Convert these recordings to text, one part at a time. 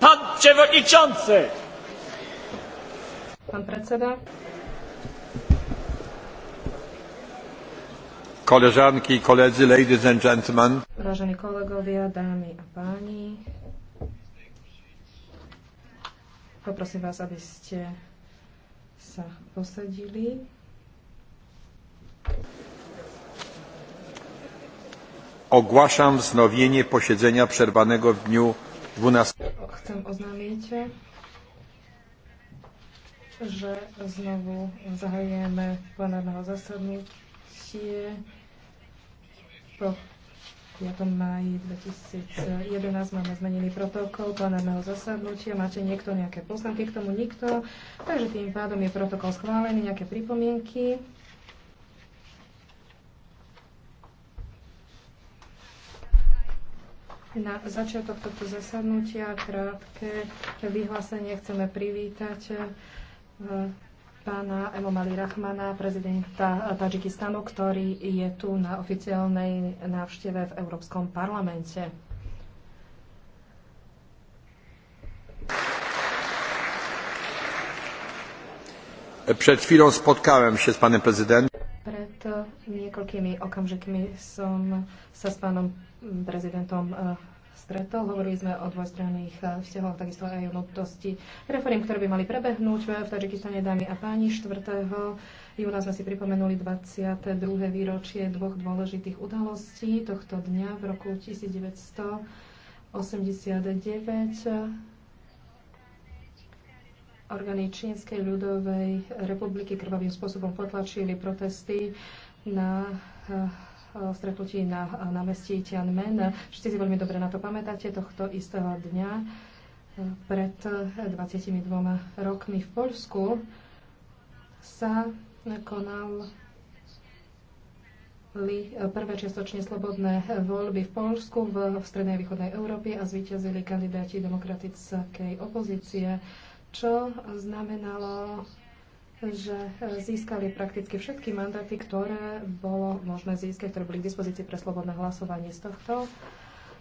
Pan przewodniczący! Pan predseda. Koleżanki koledzy, ladies and gentlemen. Vážení kolegovia, dámy a páni. Poprosím vás, aby ste sa posadili. Ogłaszam wznowienie posiedzenia przerwanego w dniu 12 chcem oznámiť, že znovu zahajujeme plenárneho zasadnutie po 5. máji 2011 máme zmenený protokol plenárneho zasadnutia. Máte niekto nejaké poznámky k tomu? Nikto. Takže tým pádom je protokol schválený, nejaké pripomienky. Na začiatok tohto zasadnutia krátke vyhlásenie chceme privítať eh, pána Emomali Rachmana, prezidenta Tadžikistanu, ktorý je tu na oficiálnej návšteve v Európskom parlamente. Przed chwilą spotkałem się z panem prezydentem niekoľkými okamžikmi som sa s pánom prezidentom e, stretol. Hovorili sme o dvojstranných e, vzťahoch, takisto aj o nutnosti reform, ktoré by mali prebehnúť v Tadžikistane, dámy a páni. 4. júna sme si pripomenuli 22. výročie dvoch dôležitých udalostí tohto dňa v roku 1989 Orgány Čínskej ľudovej republiky krvavým spôsobom potlačili protesty na eh, stretnutí na námestí Tianmen. Všetci si veľmi dobre na to pamätáte, tohto istého dňa eh, pred 22 eh, rokmi v Poľsku sa konal prvé čiastočne slobodné voľby v Polsku v, v strednej a východnej Európe a zvíťazili kandidáti demokratickej opozície čo znamenalo, že e, získali prakticky všetky mandáty, ktoré bolo možné získať, ktoré boli k dispozícii pre slobodné hlasovanie z tohto.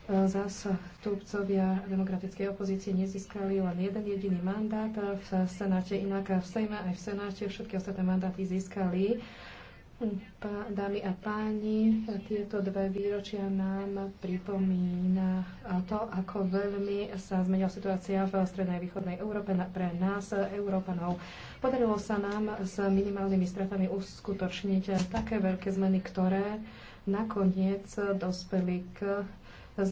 E, túbcovia demokratickej opozície nezískali len jeden jediný mandát e, v Senáte, inak v Sejme aj v Senáte všetky ostatné mandáty získali Pá, dámy a páni, tieto dve výročia nám pripomína to, ako veľmi sa zmenila situácia v strednej a východnej Európe pre nás, Európanov. Podarilo sa nám s minimálnymi stratami uskutočniť také veľké zmeny, ktoré nakoniec dospeli k